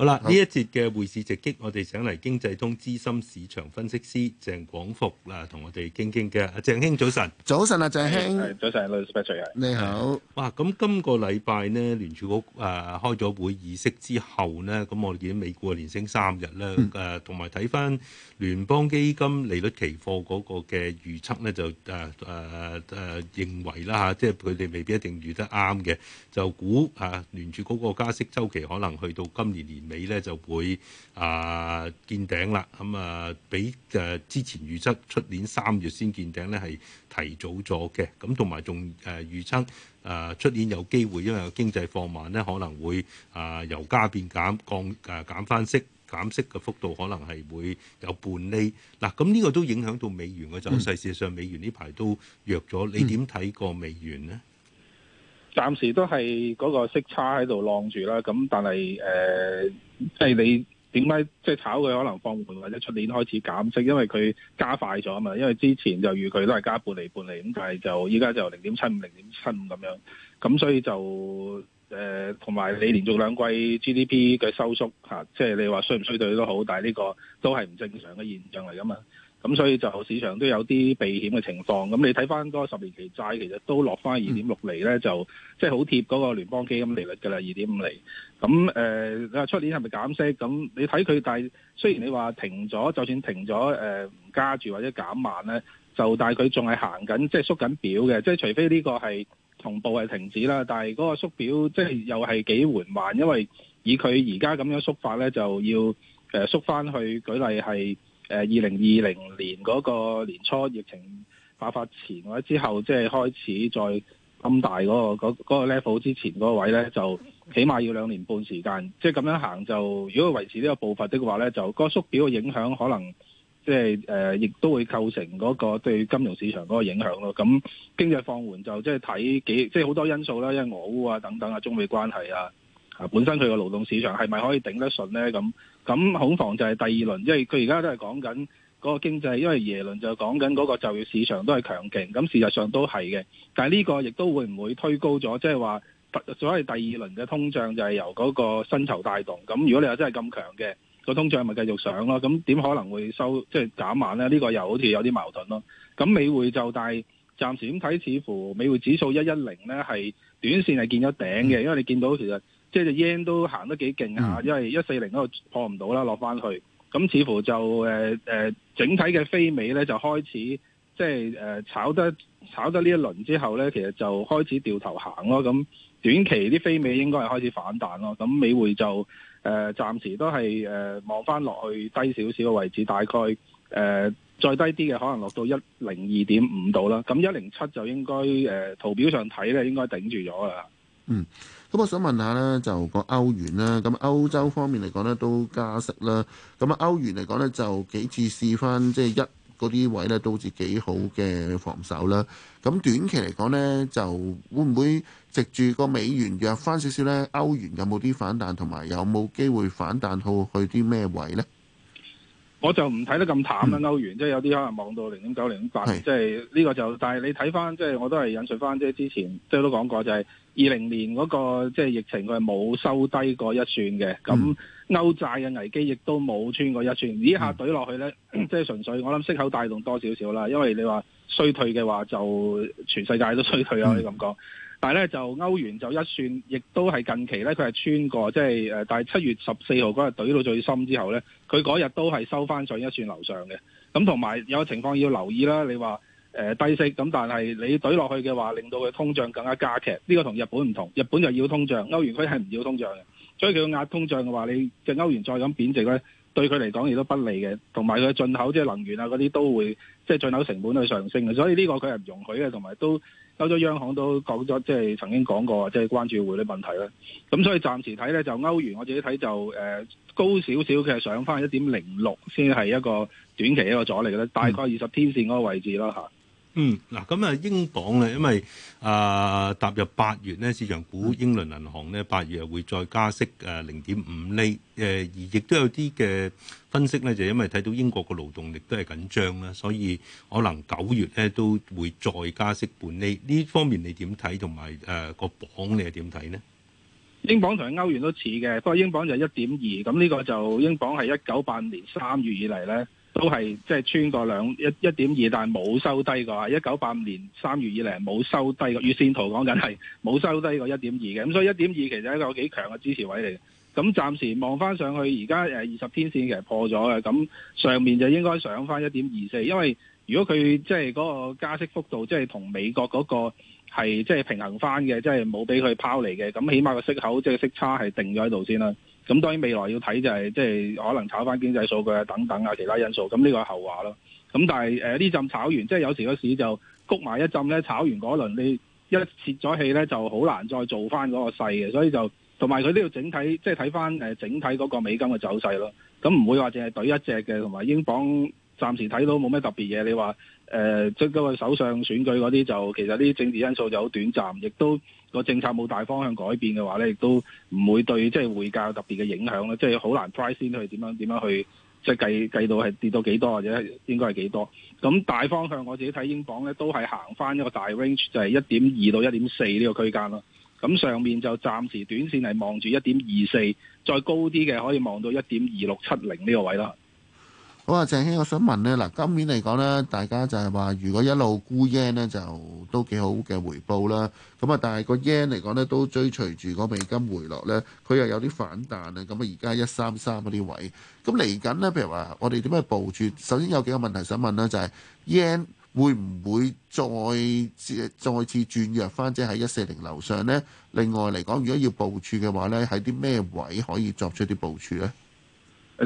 好啦，呢一節嘅匯市直擊，我哋請嚟經濟通資深市場分析師鄭廣復啦，同、啊、我哋傾傾嘅。鄭兄早晨，早晨 啊，鄭兄，早晨，你好。哇，咁今個禮拜呢，聯儲局誒、啊、開咗會議息之後呢，咁、啊、我哋見到美股啊連升三日啦，誒，同埋睇翻聯邦基金利率期貨嗰個嘅預測呢，就誒誒誒認為啦吓、啊，即係佢哋未必一定預得啱嘅，就估啊聯儲嗰個加息周期可能去到今年年。美咧就會啊、呃、見頂啦，咁、嗯、啊比誒、呃、之前預測出年三月先見頂咧係提早咗嘅，咁同埋仲誒預測誒出、呃、年有機會，因為經濟放慢咧可能會啊、呃、由加變減，降誒、呃、減翻息，減息嘅幅度可能係會有半厘。嗱、啊，咁呢個都影響到美元嘅走勢。事實、嗯、上美元呢排都弱咗，嗯、你點睇個美元呢？暫時都係嗰個息差喺度晾住啦，咁但係誒，即、呃、係、就是、你點解即係炒佢可能放緩或者出年開始減息，因為佢加快咗啊嘛，因為之前就預佢都係加半厘半厘，咁但係就依家就零點七五零點七五咁樣，咁所以就誒，同、呃、埋你連續兩季 GDP 嘅收縮嚇，即、啊、係、就是、你話衰唔衰退都好，但係呢個都係唔正常嘅現象嚟噶嘛。咁所以就市場都有啲避險嘅情況。咁你睇翻嗰個十年期債，其實都落翻二點六厘咧，就即係好貼嗰個聯邦基金利率噶啦，二點五厘。咁誒、呃，你話出年係咪減息？咁你睇佢，但係雖然你話停咗，就算停咗誒，唔、呃、加住或者減慢咧，就但係佢仲係行緊，即係縮緊表嘅。即係除非呢個係同步係停止啦，但係嗰個縮表即係又係幾緩慢，因為以佢而家咁樣縮法咧，就要誒縮翻去。舉例係。誒二零二零年嗰個年初疫情爆發前或者之後，即係開始再咁大嗰個嗰個 level 之前嗰個位咧，就起碼要兩年半時間。即係咁樣行就，如果維持呢個步伐的話咧，就個縮表嘅影響可能即係誒，亦都會構成嗰個對金融市場嗰個影響咯。咁經濟放緩就即係睇幾，即係好多因素啦，因為俄烏啊等等啊，中美關係啊，啊本身佢個勞動市場係咪可以頂得順咧？咁。咁恐防就係第二輪，因為佢而家都係講緊嗰個經濟，因為耶倫就講緊嗰個就業市場都係強勁，咁事實上都係嘅。但係呢個亦都會唔會推高咗，即係話所謂第二輪嘅通脹，就係由嗰個薪酬帶動。咁如果你話真係咁強嘅個通脹，咪繼續上咯。咁點可能會收即係、就是、減慢咧？呢、這個又好似有啲矛盾咯。咁美匯就大，係暫時點睇，似乎美匯指數一一零咧係短線係見咗頂嘅，嗯、因為你見到其實。即係隻 yen 都行得幾勁呀，因為一四零嗰度破唔到啦，落翻去。咁似乎就誒誒，整體嘅飛尾呢，就開始，即係誒炒得炒得呢一輪之後呢，其實就開始掉頭行咯。咁短期啲飛尾應該係開始反彈咯。咁美匯就誒暫時都係誒望翻落去低少少嘅位置，大概誒再低啲嘅可能落到一零二點五度啦。咁一零七就應該誒圖表上睇呢，應該頂住咗啦。嗯。咁我想問下呢，就個歐元啦。咁歐洲方面嚟講呢，都加息啦。咁啊，歐元嚟講呢，就幾次試翻，即、就、係、是、一嗰啲位呢，都好似幾好嘅防守啦。咁短期嚟講呢，就會唔會藉住個美元弱翻少少呢？歐元有冇啲反彈，同埋有冇機會反彈好去啲咩位呢？我就唔睇得咁淡啦，嗯、歐元即係、就是、有啲可能望到零點九零點八，即係呢個就，但係你睇翻即係我都係引述翻即係之前即係、就是、都講過就係、是。二零年嗰、嗰個即係疫情，佢係冇收低過一算嘅。咁歐債嘅危機亦都冇穿過一算。呢一下懟落去呢，嗯、即係純粹我諗息口帶動多少少啦。因為你話衰退嘅話就，就全世界都衰退，啊、可以咁講。但係呢，就歐元就一算，亦都係近期呢佢係穿過，即係誒、呃。但係七月十四號嗰日懟到最深之後呢，佢嗰日都係收翻上一算樓上嘅。咁同埋有，有個情況要留意啦。你話。誒、呃、低息咁，但係你懟落去嘅話，令到佢通脹更加加劇。呢、這個同日本唔同，日本就要通脹，歐元區係唔要通脹嘅。所以佢要壓通脹嘅話，你即係歐元再咁貶值咧，對佢嚟講亦都不利嘅。同埋佢嘅進口即係能源啊嗰啲都會即係進口成本去上升嘅。所以呢個佢係唔容許嘅，同埋都歐洲央，央行都講咗，即係曾經講過即係關注匯率問題啦。咁所以暫時睇咧就歐元，我自己睇就誒、呃、高少少嘅上返一點零六先係一個短期一個阻力嘅咧，大概二十天線嗰個位置啦嚇。啊。嗯，嗱咁啊，英鎊咧，因為啊踏入八月咧，市場估英倫銀行咧，八月會再加息誒零點五厘，誒而亦都有啲嘅分析咧，就因為睇到英國個勞動力都係緊張啦，所以可能九月咧都會再加息半厘。呢方面你點睇？同埋誒個鎊你又點睇咧？英鎊同歐元都似嘅，不過英鎊就一點二，咁呢個就英鎊係一九八年三月以嚟咧。都係即係穿過兩一一點二，但係冇收低過，一九八五年三月以嚟冇收低過。月線圖講緊係冇收低過一點二嘅，咁所以一點二其實係一個幾強嘅支持位嚟嘅，咁暫時望翻上去，而家誒二十天線其實破咗嘅，咁上面就應該上翻一點二四。因為如果佢即係嗰個加息幅度，即係同美國嗰個係即係平衡翻嘅，即係冇俾佢拋嚟嘅，咁起碼個息口即係息差係定咗喺度先啦。咁、嗯、當然未來要睇就係、是、即係可能炒翻經濟數據啊、等等啊其他因素，咁呢個係後話咯。咁、嗯、但係誒呢陣炒完，即係有時嗰市就谷埋一陣咧，炒完嗰輪你一切咗氣咧，就好難再做翻嗰個勢嘅，所以就同埋佢都要整體，即係睇翻誒整體嗰個美金嘅走勢咯。咁、嗯、唔會話淨係對一隻嘅，同埋英鎊暫時睇到冇咩特別嘢。你話誒即嗰個首相選舉嗰啲，就其實啲政治因素就好短暫，亦都，個政策冇大方向改變嘅話咧，亦都唔會對即係匯價特別嘅影響咧、就是，即係好難 price in 去點樣點樣去即係計計到係跌到幾多或者應該係幾多。咁大方向我自己睇英鎊咧，都係行返一個大 range，就係一點二到一點四呢個區間咯。咁上面就暫時短線係望住一點二四，再高啲嘅可以望到一點二六七零呢個位啦。好啊鄭兄，我想問咧，嗱，今年嚟講咧，大家就係話，如果一路沽 yen 咧，就都幾好嘅回報啦。咁啊，但係個 yen 嚟講咧，都追隨住個美金回落咧，佢又有啲反彈啊。咁啊，而家一三三嗰啲位，咁嚟緊咧，譬如話，我哋點樣部署？首先有幾個問題想問咧，就係 yen 會唔會再再次轉弱返，即喺一四零樓上咧？另外嚟講，如果要部署嘅話咧，喺啲咩位可以作出啲部署咧？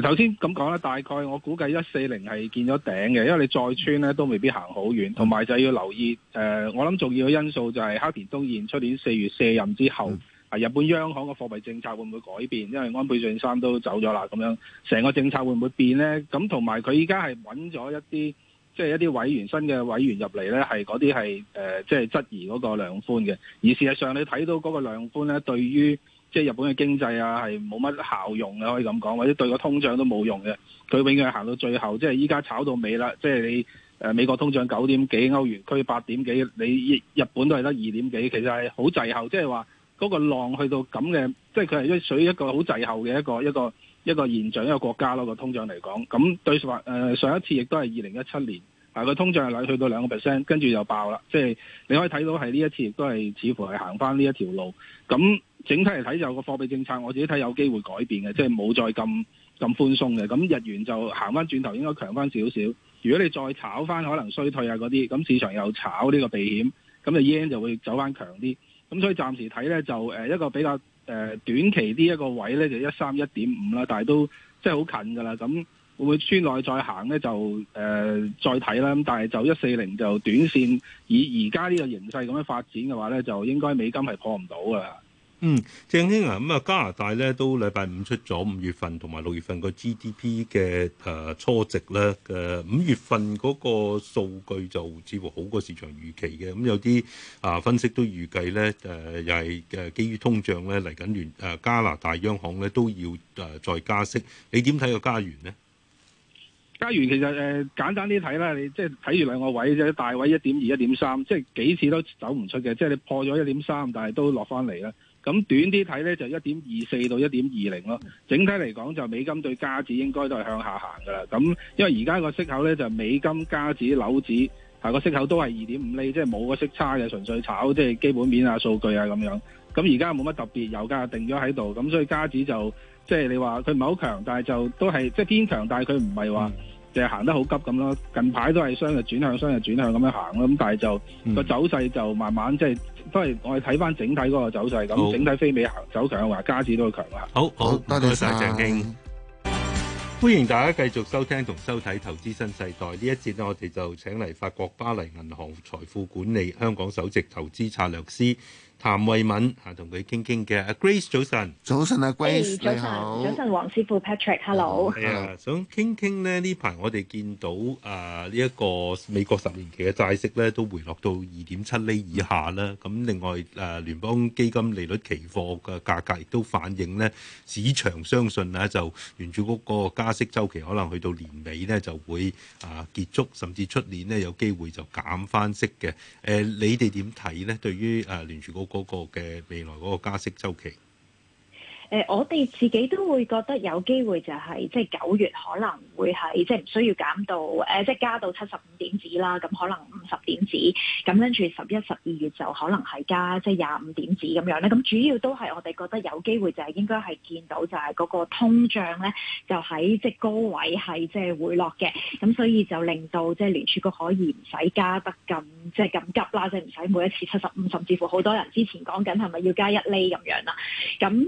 首先咁講啦，大概我估計一四零係見咗頂嘅，因為你再穿咧都未必行好遠，同埋就要留意誒、呃，我諗重要嘅因素就係黑田東彥出年四月卸任之後，啊日本央行嘅貨幣政策會唔會改變？因為安倍晉三都走咗啦，咁樣成個政策會唔會變呢？咁同埋佢依家係揾咗一啲即係一啲委員新嘅委員入嚟呢，係嗰啲係誒即係質疑嗰個量寬嘅，而事實上你睇到嗰個量寬咧，對於即係日本嘅經濟啊，係冇乜效用嘅，可以咁講，或者對個通脹都冇用嘅。佢永遠行到最後，即係依家炒到尾啦。即係你誒、呃、美國通脹九點幾，歐元區八點幾，你日本都係得二點幾，其實係好滯後。即係話嗰個浪去到咁嘅，即係佢係屬於一個好滯後嘅一個一個一個現象一個國家咯。這個通脹嚟講，咁對上誒、呃、上一次亦都係二零一七年，嗱、呃、個通脹係去到兩個 percent，跟住又爆啦。即係你可以睇到係呢一次亦都係似乎係行翻呢一條路咁。整體嚟睇就有個貨幣政策，我自己睇有機會改變嘅，即係冇再咁咁寬鬆嘅。咁日元就行翻轉頭，應該強翻少少。如果你再炒翻可能衰退啊嗰啲，咁市場又炒呢個避險，咁就 yen 就會走翻強啲。咁所以暫時睇呢，就誒一個比較誒短期呢一個位呢，就一三一點五啦，但係都即係好近㗎啦。咁會唔會穿內再行呢？就誒、呃、再睇啦。咁但係就一四零就短線，以而家呢個形勢咁樣發展嘅話呢，就應該美金係破唔到㗎啦。嗯，鄭兄啊，咁啊加拿大咧都禮拜五出咗五月份同埋六月份個 GDP 嘅誒、啊、初值咧嘅五月份嗰個數據就似乎好過市場預期嘅，咁、嗯、有啲啊分析都預計咧誒、啊、又係嘅基於通脹咧嚟緊聯誒加拿大央行咧都要誒、啊、再加息，你點睇個加元呢？加元其實誒、呃、簡單啲睇啦，你即係睇住兩個位啫，就係、大位一點二、一點三，即係幾次都走唔出嘅，即、就、係、係、你破咗一點三，但係都落翻嚟啦。咁短啲睇呢，就一點二四到一點二零咯，整體嚟講就美金對加指應該都係向下行噶啦。咁因為而家個息口呢，就是、美金加指樓指，係個息口都係二點五厘，即係冇個息差嘅，純粹炒即係基本面啊、數據啊咁樣。咁而家冇乜特別油價定咗喺度，咁所以加指就即係你話佢唔係好強，但係就都係即係偏強，但係佢唔係話。嗯就行得好急咁咯，近排都係雙日轉向，雙日轉向咁樣行咯，咁但係就個、嗯、走勢就慢慢即係、就是、都係我哋睇翻整體嗰個走勢，咁好 整體非美行走，走強嘅話，加指都會強啦。好好，多謝晒，鄭經，歡迎大家繼續收聽同收睇《投資新世代》呢一節呢，我哋就請嚟法國巴黎銀行財富管理香港首席投資策略師。譚慧敏啊，同佢傾傾嘅。Grace 早晨，早晨啊，Grace 早晨，早晨黃師傅 Patrick，hello。係啊，想傾傾呢呢排我哋見到啊呢一個美國十年期嘅債息咧都回落到二點七厘以下啦。咁另外誒聯邦基金利率期貨嘅價格亦都反映呢市場相信呢，就聯儲局嗰個加息周期可能去到年尾呢就會啊結束，甚至出年呢有機會就減翻息嘅。誒，你哋點睇呢？對於誒聯儲局？嗰個嘅未來嗰個加息周期？誒、呃，我哋自己都會覺得有機會就係即係九月可能會係即係唔需要減到誒，即、呃、係、即係、加到七十五點子啦。咁可能五十點子，咁跟住十一、十二月就可能係加即係廿五點子咁樣咧。咁主要都係我哋覺得有機會就係應該係見到就係嗰個通脹咧，就喺即係高位係即係回落嘅。咁所以就令到即係聯儲局可以唔使加得咁即係咁急啦，即係唔使每一次七十五，甚至乎好多人之前講緊係咪要加一厘咁樣啦。咁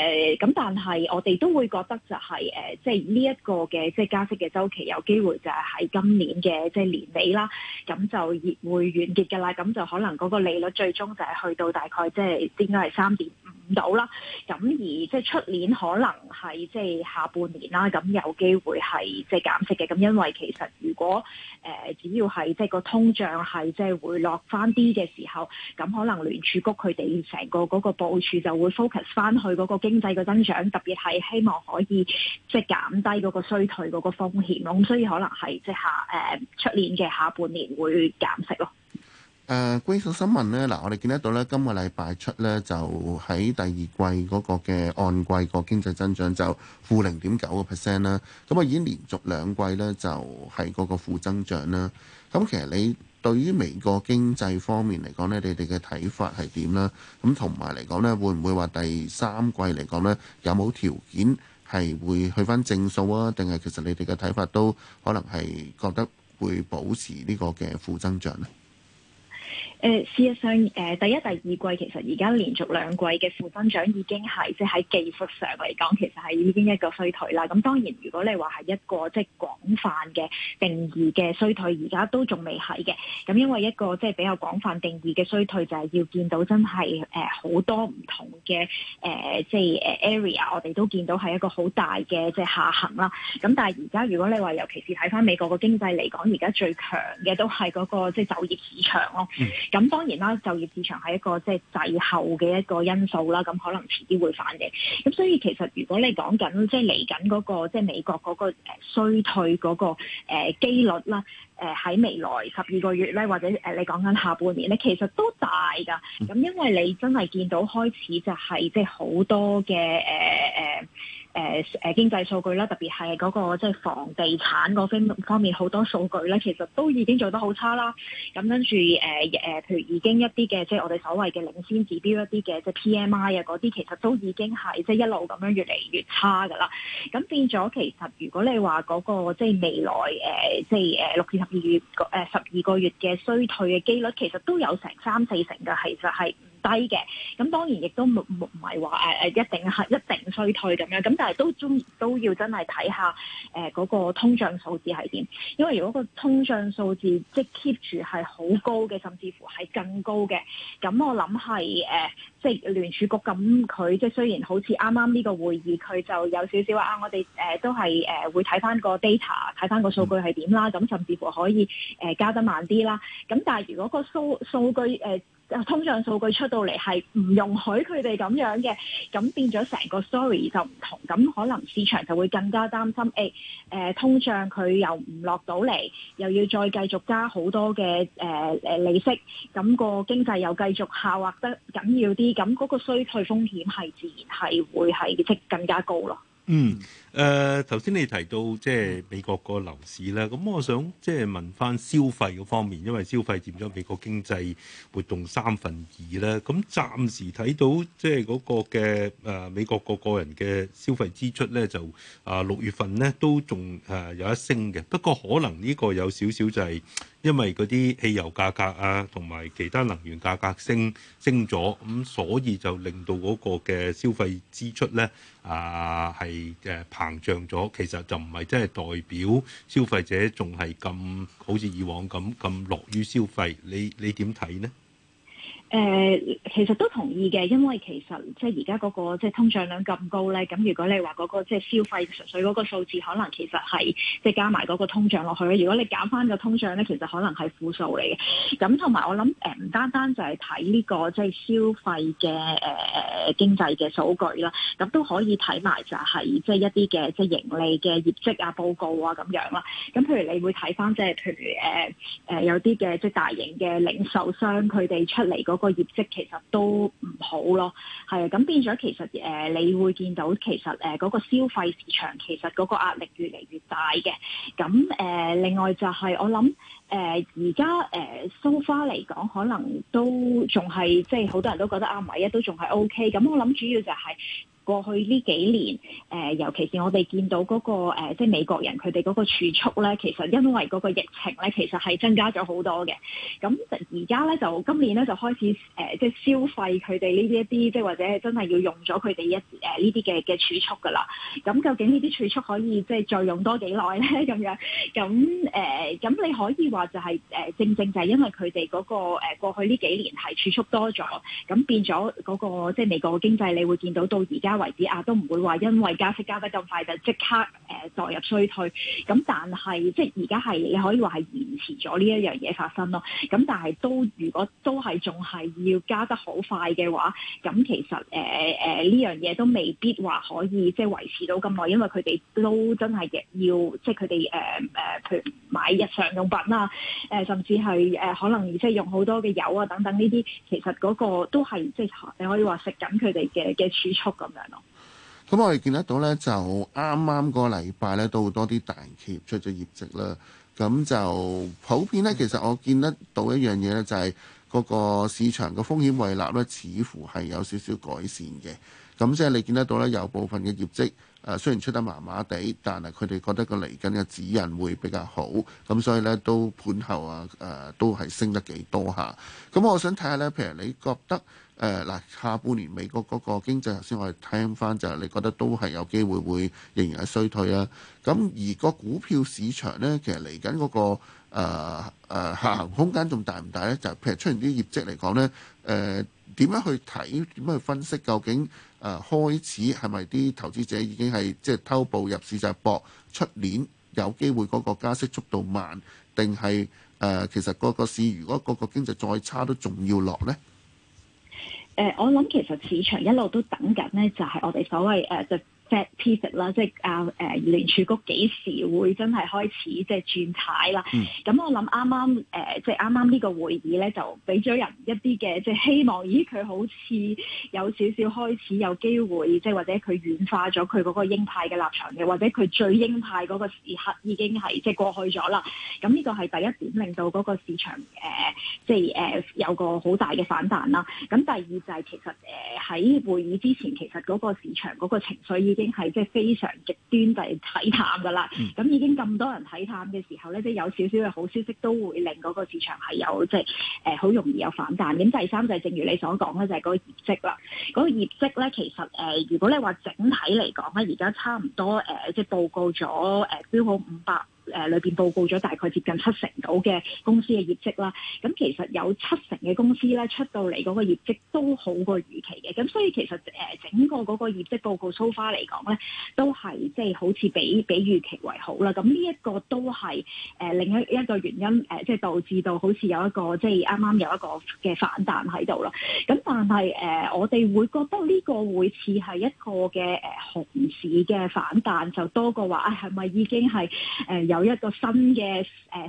咁但係我哋都會覺得就係、是、誒，即係呢一個嘅、即係加息嘅周期，有機會就係喺今年嘅即係年尾啦。咁就會完結噶啦。咁就可能嗰個利率最終就係去到大概即係、就是、應該係三點五到啦。咁而即係出年可能係即係下半年啦。咁有機會係即係減息嘅。咁因為其實如果誒、呃、只要係即係個通脹係即係回落翻啲嘅時候，咁可能聯儲局佢哋成個嗰個部署就會 focus 翻去嗰個經濟增長，特別係希望可以即係減低嗰個衰退嗰個風險咯，咁所以可能係即係誒出年嘅下半年會減息咯。誒、呃，關稅新聞呢，嗱，我哋見得到呢，今個禮拜出呢，就喺第二季嗰個嘅按季個經濟增長就負零點九個 percent 啦，咁啊已經連續兩季呢，就係、是、嗰個負增長啦。咁其實你對於美國經濟方面嚟講呢，你哋嘅睇法係點啦？咁同埋嚟講呢，會唔會話第三季嚟講呢，有冇條件係會去翻正數啊？定係其實你哋嘅睇法都可能係覺得會保持呢個嘅負增長呢？誒，事實上，誒第一、第二季其實而家連續兩季嘅負增長已經係，即係喺技術上嚟講，其實係已經一個衰退啦。咁當然，如果你話係一個即係廣泛嘅定義嘅衰退，而家都仲未係嘅。咁因為一個即係比較廣泛定義嘅衰退，就係要見到真係誒好多唔同嘅誒，即係誒 area，我哋都見到係一個好大嘅即係下行啦。咁但係而家如果你話，尤其是睇翻美國個經濟嚟講，而家最強嘅都係嗰個即係就業市場咯。咁當然啦，就業市場係一個即係滯後嘅一個因素啦，咁可能遲啲會反嘅。咁、嗯、所以其實如果你講緊即係嚟緊嗰個即係美國嗰個衰退嗰、那個誒、呃、機率啦，誒、呃、喺未來十二個月咧，或者誒你講緊下半年咧，其實都大㗎。咁、嗯嗯、因為你真係見到開始就係即係好多嘅誒誒。呃呃誒誒經濟數據啦，特別係嗰個即係房地產嗰方面好多數據咧，其實都已經做得好差啦。咁跟住誒誒，譬如已經一啲嘅即係我哋所謂嘅領先指標一啲嘅即係 PMI 啊嗰啲，其實都已經係即係一路咁樣越嚟越差㗎啦。咁變咗其實如果你話嗰個即係未來誒即係誒六至十二月誒十二個月嘅衰退嘅機率，其實都有成三四成㗎，其實就係。低嘅，咁當然亦都冇唔係話誒誒，一定係一定衰退咁樣，咁但係都中都要真係睇下誒嗰、呃嗰個通脹數字係點，因為如果個通脹數字即係 keep 住係好高嘅，甚至乎係更高嘅，咁我諗係誒。呃即係聯儲局咁，佢即係雖然好似啱啱呢個會議，佢就有少少話啊！我哋誒、呃、都係誒、呃、會睇返個 data，睇返個數據係點啦。咁甚至乎可以誒、呃、加得慢啲啦。咁但係如果個數數據誒、呃、通脹數據出到嚟係唔容許佢哋咁樣嘅，咁變咗成個 story 就唔同。咁可能市場就會更加擔心誒誒、哎呃、通脹佢又唔落到嚟，又要再繼續加好多嘅誒誒利息。咁、那個經濟又繼續下滑得緊要啲。咁嗰個衰退風險係自然係會係，即更加高咯。嗯。誒頭先你提到即係美國個樓市啦，咁我想即係問翻消費嗰方面，因為消費佔咗美國經濟活動三分二啦。咁暫時睇到即係嗰個嘅誒、呃、美國個個人嘅消費支出咧，就啊、呃、六月份咧都仲誒有一升嘅，不過可能呢個有少少就係因為嗰啲汽油價格啊同埋其他能源價格升升咗，咁所以就令到嗰個嘅消費支出咧啊係誒。呃膨脹咗，其實就唔係真係代表消費者仲係咁好似以往咁咁樂於消費，你你點睇呢？誒、呃，其實都同意嘅，因為其實即係而家嗰個即係通脹率咁高咧，咁如果你話嗰、嗰個即係消費純粹嗰個數字，可能其實係即係加埋嗰個通脹落去。如果你減翻個通脹咧，其實可能係負數嚟嘅。咁同埋我諗誒，唔、呃、單單就係睇呢個即係消費嘅誒誒經濟嘅數據啦，咁都可以睇埋就係、係、即係一啲嘅即係盈利嘅業績啊、報告啊咁樣啦。咁譬如你會睇翻即係譬如誒誒、呃呃、有啲嘅即係大型嘅零售商佢哋出嚟個業績其實都唔好咯，係啊，咁變咗其實誒、呃，你會見到其實誒，嗰、呃那個消費市場其實嗰個壓力越嚟越大嘅。咁誒、呃，另外就係、是、我諗，誒而家誒，so far 嚟講，可能都仲係即係好多人都覺得阿米啊都仲係 OK。咁我諗主要就係、是。過去呢幾年，誒、呃、尤其是我哋見到嗰、嗰個、呃、即係美國人佢哋嗰個儲蓄咧，其實因為嗰個疫情咧，其實係增加咗好多嘅。咁而家咧就今年咧就開始誒、呃，即係消費佢哋呢啲一啲，即係或者係真係要用咗佢哋一誒呢啲嘅嘅儲蓄㗎啦。咁究竟呢啲儲蓄可以即係再用多幾耐咧？咁 樣咁誒，咁、呃、你可以話就係、係、誒、呃，正正就係因為佢哋嗰個誒、呃、過去呢幾年係儲蓄多咗，咁變咗嗰、嗰個即係美國嘅經濟，你會見到到而家為止啊，都唔會話因為加息加得咁快就即刻誒代、呃、入衰退。咁但係即係而家係你可以話係延遲咗呢一樣嘢發生咯。咁但係都如果都係仲係要加得好快嘅話，咁其實誒誒呢樣嘢都未必話可以即係維持到咁耐，因為佢哋都真係要即係佢哋誒誒，譬如買日常用品啊，誒、呃、甚至係誒、呃、可能即係用好多嘅油啊等等呢啲，其實嗰個都係即係你可以話食緊佢哋嘅嘅儲蓄咁樣。咁我哋見得到呢，就啱啱個禮拜呢，都好多啲大企業出咗業績啦，咁就普遍呢，其實我見得到一樣嘢呢，就係、是、嗰個市場嘅風險胃納呢，似乎係有少少改善嘅。咁即係你見得到呢，有部分嘅業績誒、呃，雖然出得麻麻地，但係佢哋覺得個嚟緊嘅指引會比較好，咁所以呢，都盤後啊誒、呃、都係升得幾多下。咁我想睇下呢，譬如你覺得。誒嗱，下半年美國嗰個經濟，頭先我哋聽翻就係、是，你覺得都係有機會會仍然係衰退啦、啊。咁而個股票市場呢，其實嚟緊嗰個誒下、呃啊、行空間仲大唔大呢？就是、譬如出現啲業績嚟講呢，誒、呃、點樣去睇？點樣去分析？究竟誒、呃、開始係咪啲投資者已經係即係偷步入市就搏出年有機會嗰個加息速度慢，定係誒其實嗰個市如果嗰個經濟再差都仲要落呢？誒，uh, 我諗其實市場一路都等緊咧，就係我哋所謂誒就。Uh, 即係睇實啦，即係啊誒聯儲局幾時會真係開始即係轉態啦？咁我諗啱啱誒，即係啱啱呢個會議咧，就俾咗人一啲嘅即係希望，咦佢好似有少少開始有機會，即係或者佢軟化咗佢嗰個鷹派嘅立場嘅，或者佢最鷹派嗰個時刻已經係即係過去咗啦。咁呢個係第一點，令到嗰個市場誒即係誒有個好大嘅反彈啦。咁第二就係其實誒喺會議之前，其實嗰個市場嗰個情緒已經。已經係即係非常極端就係睇淡噶啦，咁、嗯、已經咁多人睇淡嘅時候咧，即係有少少嘅好消息都會令嗰個市場係有即係誒好容易有反彈。咁第三就係、是、正如你所講咧，就係、是、嗰個業績啦。嗰、那個業績咧，其實誒、呃，如果你話整體嚟講咧，而家差唔多誒、呃，即係報告咗誒、呃、標好五百。誒裏邊報告咗大概接近七成到嘅公司嘅業績啦，咁其實有七成嘅公司咧，出到嚟嗰個業績都好過預期嘅，咁所以其實誒整個嗰個業績報告 so far 嚟講咧，都係即係好似比比預期為好啦。咁呢一個都係誒、呃、另一一個原因誒，即、呃、係、就是、導致到好似有一個即係啱啱有一個嘅反彈喺度咯。咁但係誒、呃，我哋會覺得呢個會似係一個嘅誒、呃、熊市嘅反彈，就多過話啊係咪已經係誒？呃有一個新嘅誒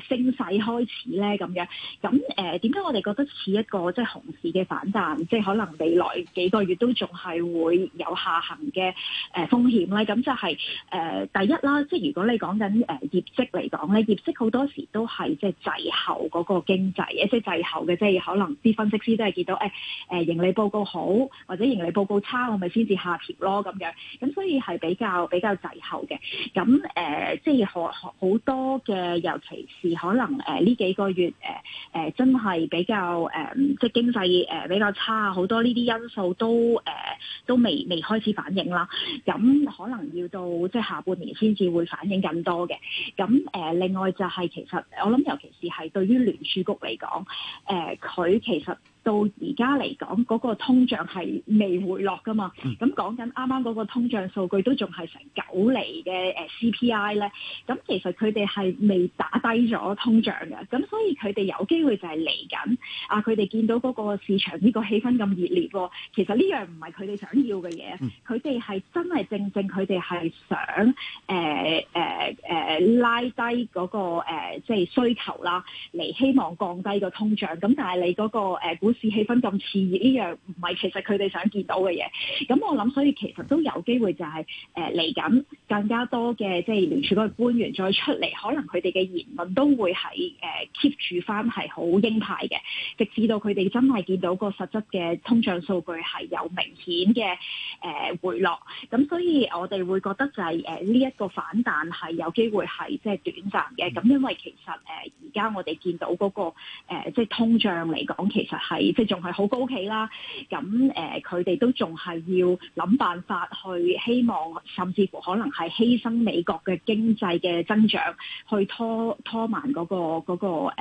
升勢開始咧，咁樣咁誒點解我哋覺得似一個即係、就是、熊市嘅反彈，即、就、係、是、可能未來幾個月都仲係會有下行嘅誒風險咧？咁就係、是、誒、呃、第一啦，即、就、係、是、如果你講緊誒業績嚟講咧，業績好多時都係即係滯後嗰個經濟，即、就、係、是、滯後嘅，即、就、係、是、可能啲分析師都係見到誒誒、欸、盈利報告好或者盈利報告差，我咪先至下調咯咁樣，咁所以係比較比較滯後嘅。咁誒即係學好。呃就是好多嘅，尤其是可能誒呢、呃、幾個月誒誒、呃，真係比較誒、呃，即經濟誒、呃、比較差，好多呢啲因素都誒、呃、都未未開始反映啦。咁、嗯、可能要到即下半年先至會反映更多嘅。咁、嗯、誒、呃，另外就係其實我諗，尤其是係對於聯儲局嚟講，誒、呃、佢其實。到而家嚟講，嗰個通脹係未回落噶嘛？咁講緊啱啱嗰個通脹數據都仲係成九厘嘅誒 CPI 咧。咁其實佢哋係未打低咗通脹嘅，咁所以佢哋有機會就係嚟緊。啊，佢哋見到嗰個市場呢個氣氛咁熱烈，哦，其實呢樣唔係佢哋想要嘅嘢。佢哋係真係正正佢哋係想誒誒誒拉低嗰個、呃、即係需求啦，嚟希望降低個通脹。咁但係你嗰個股呃市氣氛咁熾熱，呢樣唔係其實佢哋想見到嘅嘢。咁我諗，所以其實都有機會就係誒嚟緊更加多嘅即係聯儲嗰個官員再出嚟，可能佢哋嘅言論都會係誒、uh, keep 住翻係好鷹派嘅，直至到佢哋真係見到個實質嘅通脹數據係有明顯嘅誒、呃、回落。咁所以我哋會覺得就係誒呢一個反彈係有機會係即係短暫嘅。咁因為其實誒而家我哋見到嗰、那個、呃、即係通脹嚟講，其實係。即係仲係好高企啦，咁誒，佢哋都仲係要諗辦法去希望，甚至乎可能係犧牲美國嘅經濟嘅增長，去拖拖慢嗰個個誒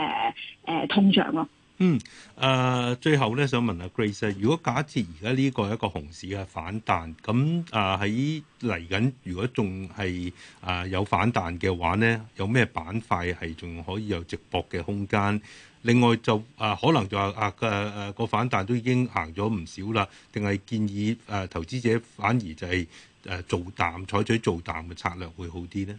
誒通脹咯。嗯，誒、呃，最後咧想問下 Grace，如果假設而家呢個一個熊市嘅反彈，咁啊喺嚟緊，如果仲係啊有反彈嘅話咧，有咩板塊係仲可以有值博嘅空間？另外就啊，可能就話啊，誒誒個反彈都已經行咗唔少啦，定係建議誒投資者反而就係誒做淡，採取做淡嘅策略會好啲咧？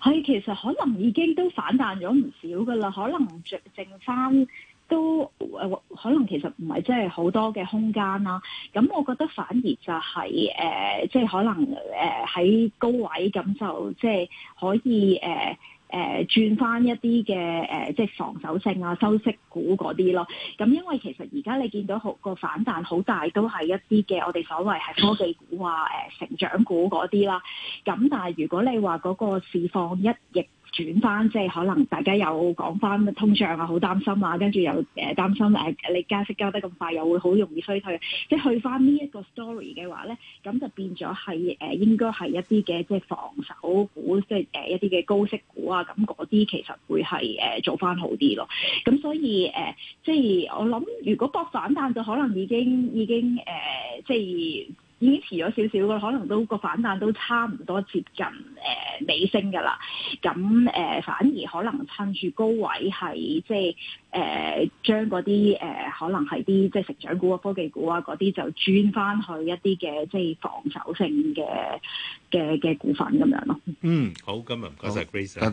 係，其實可能已經都反彈咗唔少噶啦，可能着剩翻都誒，可能其實唔係即係好多嘅空間啦。咁我覺得反而就係、是、誒，即、呃、係、就是、可能誒喺高位咁就即係可以誒。呃誒、呃、轉翻一啲嘅誒，即係防守性啊、收息股嗰啲咯。咁因為其實而家你見到好個反彈好大，都係一啲嘅我哋所謂係科技股啊、誒、呃、成長股嗰啲啦。咁但係如果你話嗰個市況一逆，轉翻即係可能大家又講翻通脹啊，好擔心啊，跟住又誒擔心誒，你加息加得咁快又會好容易衰退，即係去翻呢一個 story 嘅話咧，咁就變咗係誒應該係一啲嘅即係防守股，即係誒一啲嘅高息股啊，咁嗰啲其實會係誒做翻好啲咯。咁所以誒，即係我諗，如果博反彈，就可能已經已經誒即係。已經遲咗少少㗎，可能都個反彈都差唔多接近誒尾聲嘅啦。咁誒、呃、反而可能趁住高位，係即係誒、呃、將嗰啲誒可能係啲即係成長股啊、科技股啊嗰啲，就轉翻去一啲嘅即係防守性嘅嘅嘅股份咁樣咯。嗯，好，今日唔該晒 Grace 啊，